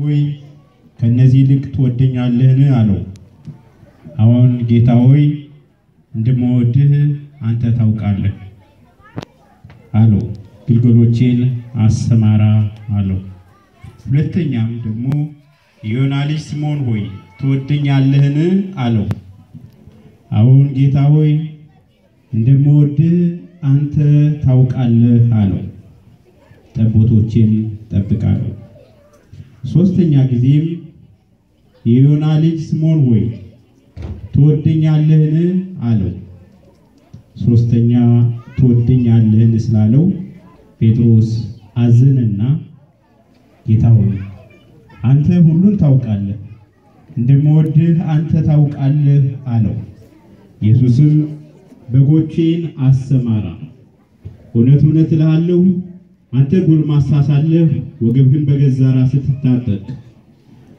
ወይ ከእነዚህ ይልቅ ትወደኛለህን? አለው። አዎን ጌታ ሆይ እንደምወድህ አንተ ታውቃለህ አለው። ግልገሎቼን አሰማራ አለው። ሁለተኛም ደግሞ የዮና ልጅ ስምዖን ሆይ ትወደኛለህን? አለው። አዎን ጌታ ሆይ እንደምወድህ አንተ ታውቃለህ አለው። ጠቦቶቼን ጠብቃለሁ ሶስተኛ ጊዜም የዮና ልጅ ስምዖን ሆይ ትወደኛለህን? አለው። ሶስተኛ ትወደኛለህን ስላለው ጴጥሮስ አዘነና ጌታ ሆይ አንተ ሁሉን ታውቃለህ፣ እንደምወድህ አንተ ታውቃለህ አለው። ኢየሱስም በጎቼን አሰማራ፣ እውነት እውነት እልሃለሁ አንተ ጎልማሳ ሳለህ ወገብህን በገዛ ራስህ ስትታጠቅ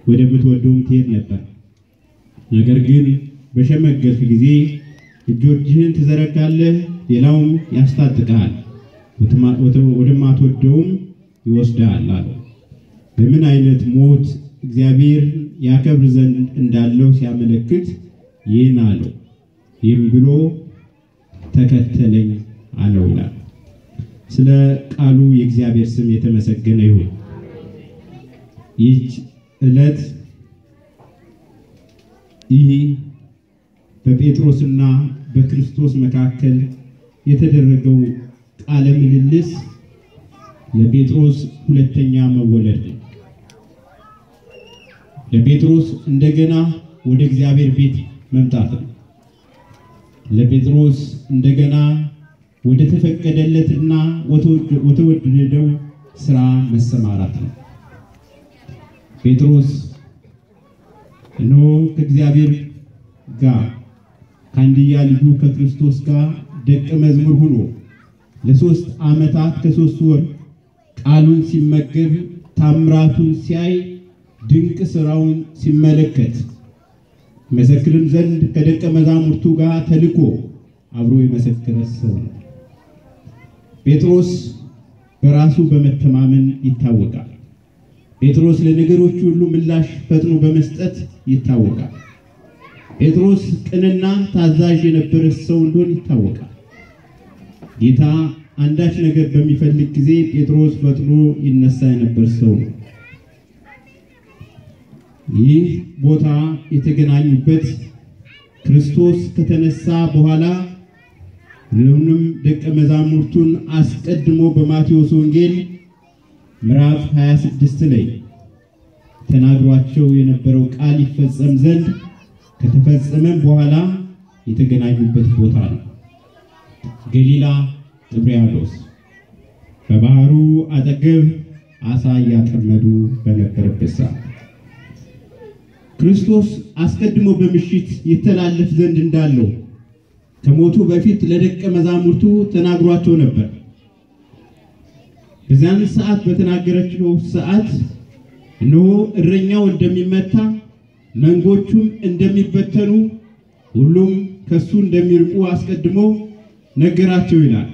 ወደምትወደውም ትሄድ ነበር። ነገር ግን በሸመገልህ ጊዜ እጆችህን ትዘረጋለህ፣ ሌላውም ያስታጥቅሃል፣ ወደማትወደውም ይወስድሃል አለ። በምን አይነት ሞት እግዚአብሔር ያከብር ዘንድ እንዳለው ሲያመለክት ይህን አለው። ይህም ብሎ ተከተለኝ አለው ይላል። ስለ ቃሉ የእግዚአብሔር ስም የተመሰገነ ይሁን። ይህች ዕለት ይህ በጴጥሮስና በክርስቶስ መካከል የተደረገው ቃለ ምልልስ ለጴጥሮስ ሁለተኛ መወለድ ነው። ለጴጥሮስ እንደገና ወደ እግዚአብሔር ቤት መምጣት ነው። ለጴጥሮስ እንደገና ወደ ተፈቀደለትና ወተወደደው ስራ መሰማራት ነው። ጴጥሮስ እነሆ ከእግዚአብሔር ጋር ከአንድያ ልጁ ከክርስቶስ ጋር ደቀ መዝሙር ሆኖ ለሶስት ዓመታት ከሶስት ወር ቃሉን ሲመገብ ታምራቱን ሲያይ ድንቅ ስራውን ሲመለከት መሰክርም ዘንድ ከደቀ መዛሙርቱ ጋር ተልኮ አብሮ የመሰከረ ሰው ነው። ጴጥሮስ በራሱ በመተማመን ይታወቃል። ጴጥሮስ ለነገሮች ሁሉ ምላሽ ፈጥኖ በመስጠት ይታወቃል። ጴጥሮስ ቅንና ታዛዥ የነበረ ሰው እንደሆነ ይታወቃል። ጌታ አንዳች ነገር በሚፈልግ ጊዜ ጴጥሮስ ፈጥኖ ይነሳ የነበር ሰው ነው። ይህ ቦታ የተገናኙበት ክርስቶስ ከተነሳ በኋላ ሁሉንም ደቀ መዛሙርቱን አስቀድሞ በማቴዎስ ወንጌል ምዕራፍ 26 ላይ ተናግሯቸው የነበረው ቃል ይፈጸም ዘንድ ከተፈጸመም በኋላ የተገናኙበት ቦታ ነው። ገሊላ ጥብርያዶስ በባህሩ አጠገብ አሳ እያጠመዱ በነበረበት ሰዓት ክርስቶስ አስቀድሞ በምሽት ይተላለፍ ዘንድ እንዳለው ከሞቱ በፊት ለደቀ መዛሙርቱ ተናግሯቸው ነበር። በዚያን ሰዓት በተናገረችው ሰዓት እነሆ እረኛው እንደሚመታ መንጎቹም እንደሚበተኑ ሁሉም ከሱ እንደሚርቁ አስቀድሞ ነገራቸው ይላል።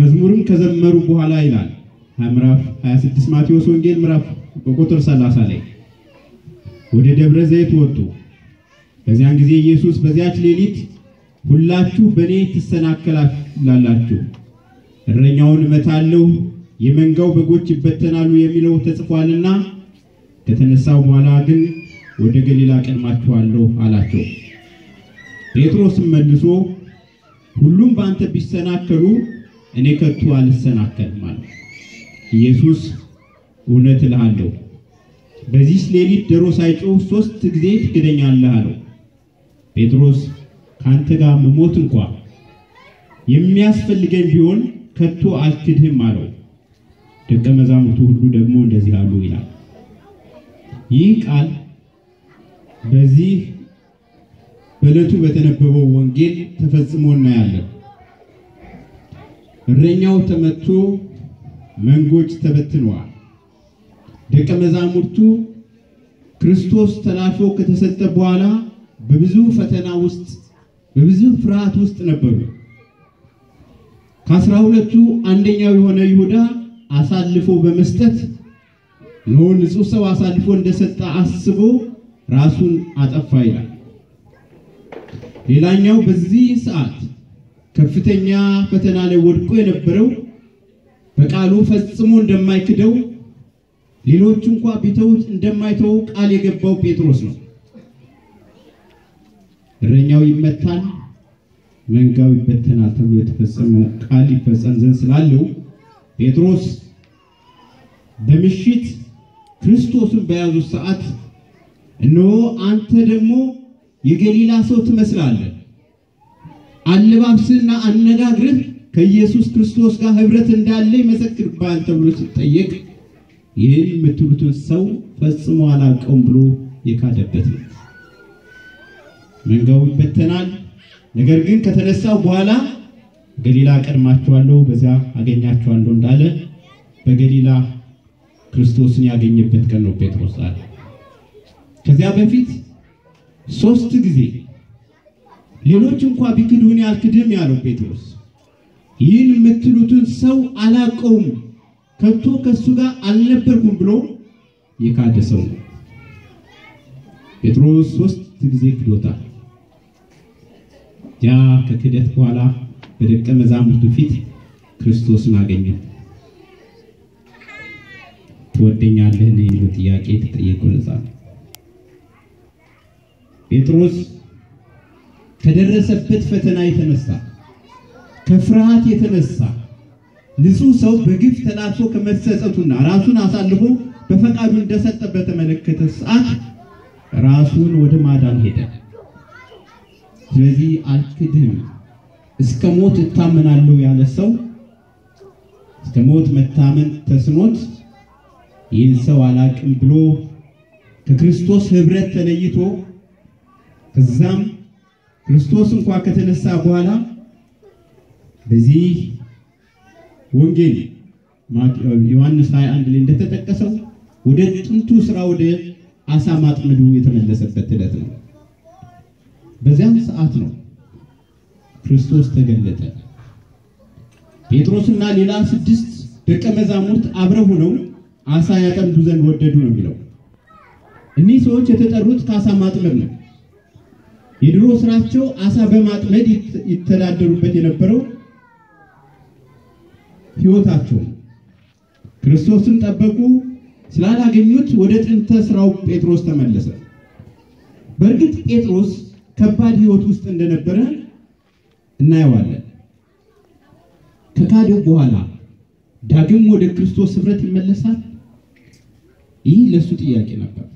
መዝሙርም ከዘመሩ በኋላ ይላል ምዕራፍ 26 ማቴዎስ ወንጌል ምዕራፍ በቁጥር 30 ላይ ወደ ደብረ ዘይት ወጡ። በዚያን ጊዜ ኢየሱስ በዚያች ሌሊት ሁላችሁ በእኔ ትሰናከላላችሁ፣ እረኛውን እመታለሁ፣ የመንጋው በጎች ይበተናሉ የሚለው ተጽፏልና ከተነሳው በኋላ ግን ወደ ገሊላ ቀድማችኋለሁ አላቸው። ጴጥሮስም መልሶ ሁሉም በአንተ ቢሰናከሉ እኔ ከቶ አልሰናከልም አለ። ኢየሱስ እውነት እልሃለሁ በዚህ ሌሊት ዶሮ ሳይጮህ ሶስት ጊዜ ትክደኛለህ አለው። ጴጥሮስ ከአንተ ጋር መሞት እንኳ የሚያስፈልገኝ ቢሆን ከቶ አልክድህም አለው። ደቀ መዛሙርቱ ሁሉ ደግሞ እንደዚህ አሉ ይላል። ይህ ቃል በዚህ በዕለቱ በተነበበው ወንጌል ተፈጽሞ እናያለን። እረኛው ተመቶ መንጎች ተበትነዋል። ደቀ መዛሙርቱ ክርስቶስ ተላልፎ ከተሰጠ በኋላ በብዙ ፈተና ውስጥ በብዙ ፍርሃት ውስጥ ነበሩ። ከአስራ ሁለቱ አንደኛው የሆነ ይሁዳ አሳልፎ በመስጠት ነው ንጹሕ ሰው አሳልፎ እንደሰጠ አስቦ ራሱን አጠፋ ይላል። ሌላኛው በዚህ ሰዓት ከፍተኛ ፈተና ላይ ወድቆ የነበረው በቃሉ ፈጽሞ እንደማይክደው ሌሎች እንኳ ቢተውት እንደማይተው ቃል የገባው ጴጥሮስ ነው። እረኛው ይመታል፣ መንጋው ይበተናል ተብሎ የተፈጸመ ቃል ይፈጸም ዘንድ ስላለው ጴጥሮስ በምሽት ክርስቶስን በያዙት ሰዓት እነሆ አንተ ደግሞ የገሊላ ሰው ትመስላለህ፣ አለባብስህና አነጋግርህ ከኢየሱስ ክርስቶስ ጋር ህብረት እንዳለ ይመሰክርብሃል ተብሎ ሲጠየቅ ይህን የምትሉትን ሰው ፈጽሞ አላውቀውም ብሎ የካደበት ነው። መንጋው ይበተናል። ነገር ግን ከተነሳው በኋላ ገሊላ ቀድማችኋለሁ፣ በዚያ አገኛችኋለሁ እንዳለ በገሊላ ክርስቶስን ያገኘበት ቀን ነው ጴጥሮስ አለ። ከዚያ በፊት ሶስት ጊዜ ሌሎች እንኳ ቢክዱን ያልክድም ያለው ጴጥሮስ ይህን የምትሉትን ሰው አላቀውም ከቶ ከሱ ጋር አልነበርኩም ብሎ የካደ ሰው ነው። ጴጥሮስ ሶስት ጊዜ ክዶታል። ያ ከክደት በኋላ በደቀ መዛሙርቱ ፊት ክርስቶስን አገኘው። ትወደኛለህን የሚለው ጥያቄ ተጠየቀው። ለዛ ጴጥሮስ ከደረሰበት ፈተና የተነሳ ከፍርሃት የተነሳ ንጹሕ ሰው በግፍ ተላልፎ ከመሰጠቱና ራሱን አሳልፎ በፈቃዱ እንደሰጠ በተመለከተ ሰዓት ራሱን ወደ ማዳን ሄደ። ስለዚህ አልክድም፣ እስከ ሞት እታመናለሁ ያለ ሰው እስከ ሞት መታመን ተስኖት ይህን ሰው አላቅም ብሎ ከክርስቶስ ህብረት ተለይቶ ከዛም ክርስቶስ እንኳ ከተነሳ በኋላ በዚህ ወንጌል ዮሐንስ 21 ላይ እንደተጠቀሰው ወደ ጥንቱ ስራ ወደ አሳ ማጥመዱ የተመለሰበት ዕለት ነው። በዚያ ሰዓት ነው ክርስቶስ ተገለጠ። ጴጥሮስና ሌላ ስድስት ደቀ መዛሙርት አብረው ሆነው አሳ ያጠምዱ ዘንድ ወደዱ ነው የሚለው። እኒህ ሰዎች የተጠሩት ከአሳ ማጥመድ ነው። የድሮ ስራቸው አሳ በማጥመድ ይተዳደሩበት የነበረው ህይወታቸው ክርስቶስን ጠበቁ። ስላላገኙት ወደ ጥንተ ስራው ጴጥሮስ ተመለሰ። በእርግጥ ጴጥሮስ ከባድ ህይወት ውስጥ እንደነበረ እናየዋለን። ከካደው በኋላ ዳግም ወደ ክርስቶስ ህብረት ይመለሳል? ይህ ለሱ ጥያቄ ነበር።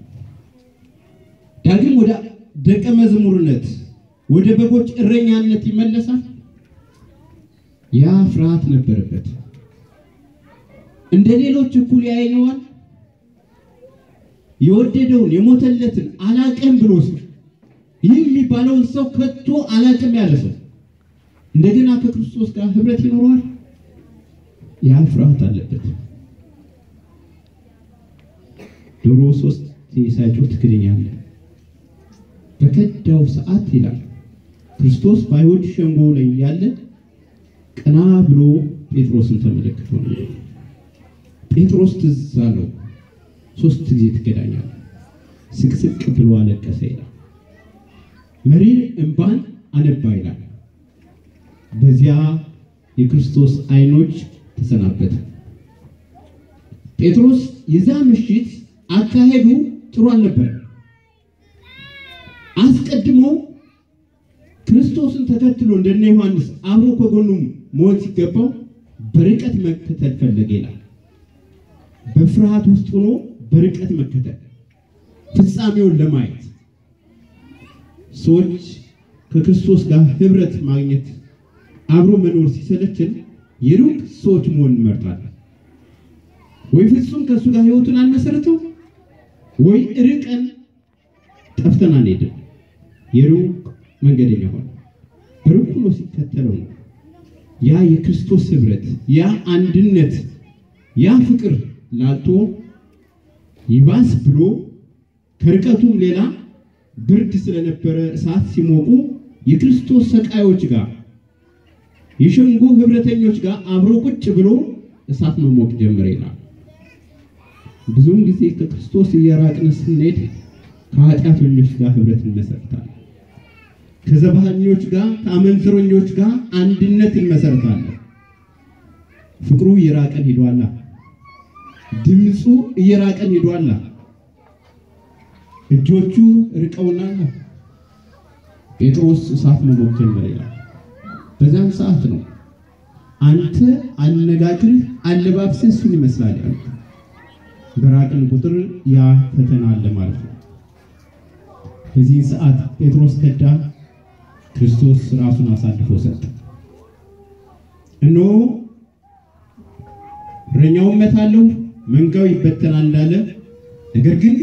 ዳግም ወደ ደቀ መዝሙርነት ወደ በጎች እረኛነት ይመለሳል? ያ ፍርሃት ነበረበት። እንደ ሌሎች እኩል ያየዋል። የወደደውን የሞተለትን አላቀም ብሎ ይህ የሚባለውን ሰው ከቶ አላውቅም ያለ ሰው እንደገና ከክርስቶስ ጋር ህብረት ይኖረዋል። ያ ፍርሃት አለበት። ዶሮ ሶስት ሳይጮህ ትክደኛለህ በከዳው ሰዓት ይላል ክርስቶስ በአይሁድ ሸንጎ ላይ ያለ ቀና ብሎ ጴጥሮስን ተመለክቶ ነው። ጴጥሮስ ትዝ አለው፣ ሶስት ጊዜ ትክዳኛለህ። ስቅስቅ ብሎ አለቀሰ ይላል። መሪር እንባን አነባ ይላል። በዚያ የክርስቶስ አይኖች ተሰናበተ። ጴጥሮስ የዛ ምሽት አካሄዱ ጥሩ አልነበረ። አስቀድሞ ክርስቶስን ተከትሎ እንደነ ዮሐንስ አብሮ ከጎኑ መሆን ሲገባው በርቀት መከተል ፈለገ ይላል። በፍርሃት ውስጥ ሆኖ በርቀት መከተል ፍጻሜውን ለማየት ሰዎች ከክርስቶስ ጋር ህብረት ማግኘት አብሮ መኖር ሲሰለችን የሩቅ ሰዎች መሆን እንመርጣለን። ወይ ፍጹም ከእሱ ጋር ህይወቱን አልመሰረተው ወይ ርቀን ጠፍተን አንሄድም። የሩቅ መንገደኛ ሆነ ሩቅ ሆኖ ሲከተለው ነው ያ የክርስቶስ ህብረት፣ ያ አንድነት፣ ያ ፍቅር ላልቶ ይባስ ብሎ ከርቀቱም ሌላ ብርድ ስለነበረ እሳት ሲሞቁ የክርስቶስ ሰቃዮች ጋር የሸንጎ ህብረተኞች ጋር አብሮ ቁጭ ብሎ እሳት መሞቅ ጀምር ይላል። ብዙውን ጊዜ ከክርስቶስ እየራቅን ስንሄድ ከኃጢአተኞች ጋር ህብረት እንመሰርታለን። ከዘባኞች ጋር ከአመንዝረኞች ጋር አንድነት እንመሰርታለን። ፍቅሩ እየራቀን ሄዷላ። ድምፁ እየራቀን ሄዷላ። እጆቹ ርቀውናል። ጴጥሮስ እሳት መሞት ጀመረ ይላል። በዛም ሰዓት ነው አንተ አነጋግርህ፣ አለባብስህ እሱን ይመስላል ያሉት። በራቅን ቁጥር ያ ፈተና አለ ማለት ነው። በዚህ ሰዓት ጴጥሮስ ከዳ፣ ክርስቶስ ራሱን አሳልፎ ሰጠ። እኖ እረኛውን እመታለሁ መንጋው ይበተናል እንዳለ ነገር ግን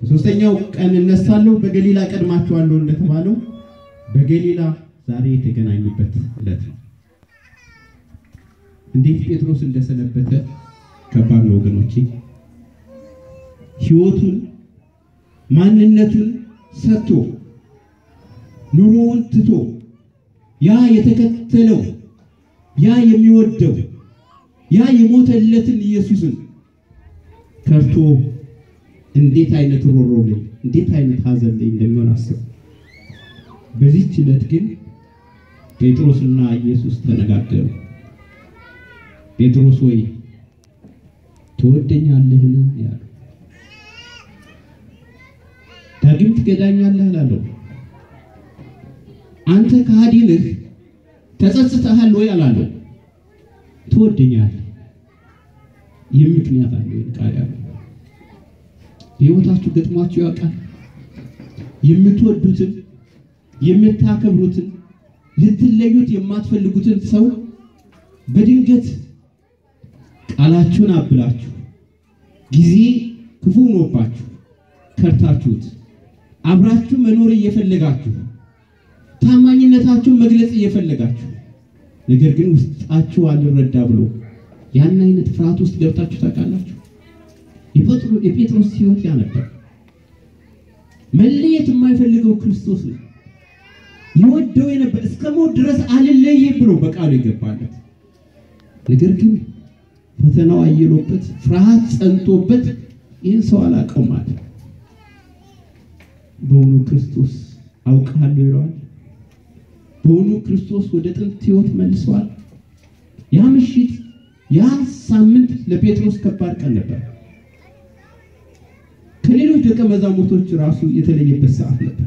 በሶስተኛው ቀን እነሳለሁ በገሊላ ቀድማችኋለሁ እንደተባለው በገሊላ ዛሬ የተገናኙበት ዕለት ነው። እንዴት ጴጥሮስ እንደሰነበተ ከባድ ነው ወገኖቼ። ህይወቱን ማንነቱን ሰጥቶ ኑሮውን ትቶ ያ የተከተለው ያ የሚወደው ያ የሞተለትን ኢየሱስን ከርቶ እንዴት አይነት ሮሮ ሮሮሌ እንዴት አይነት ሀዘን ላይ እንደሚሆን አስብ። በዚህች ዕለት ግን ጴጥሮስና ኢየሱስ ተነጋገሩ። ጴጥሮስ ወይ ትወደኛለህን? ያሉ ዳግም ትገዳኛለህ አላለው። አንተ ከሃዲ ነህ ተጸጽተሃል ወይ አላለው። ትወደኛለህ ይህ ምክንያት አለው ቃል በሕይወታችሁ ገጥሟችሁ ያውቃል? የምትወዱትን የምታከብሩትን ልትለዩት የማትፈልጉትን ሰው በድንገት ቃላችሁን አብላችሁ ጊዜ ክፉ ሆኖባችሁ ከርታችሁት አብራችሁ መኖር እየፈለጋችሁ ታማኝነታችሁን መግለጽ እየፈለጋችሁ ነገር ግን ውስጣችሁ አልረዳ ብሎ ያን አይነት ፍርሃት ውስጥ ገብታችሁ ታውቃላችሁ? የጴጥሮስ ህይወት ያ ነበር። መለየት የማይፈልገው ክርስቶስ ነው። ይወደው የነበር እስከ ሞት ድረስ አልለየ ብሎ በቃሉ የገባለት ነገር ግን ፈተናው አየሎበት ፍርሃት ጸንቶበት ይህን ሰው አላውቀውም አለ። ክርስቶስ አውቃለሁ ይለዋል። በእውኑ ክርስቶስ ወደ ጥንት ህይወት መልሰዋል። ያ ምሽት ያ ሳምንት ለጴጥሮስ ከባድ ቀን ነበር። ከሌሎች ደቀ መዛሙርቶች ራሱ የተለየበት ሰዓት ነበር።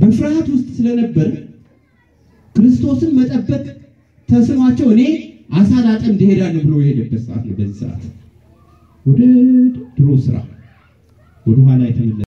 በፍርሃት ውስጥ ስለነበር ክርስቶስን መጠበቅ ተስኗቸው እኔ አሳ ላጠምድ እሄዳለሁ ብሎ የሄደበት ሰዓት ነው። በዚህ ሰዓት ወደ ድሮ ስራ ወደ ኋላ የተመለሰ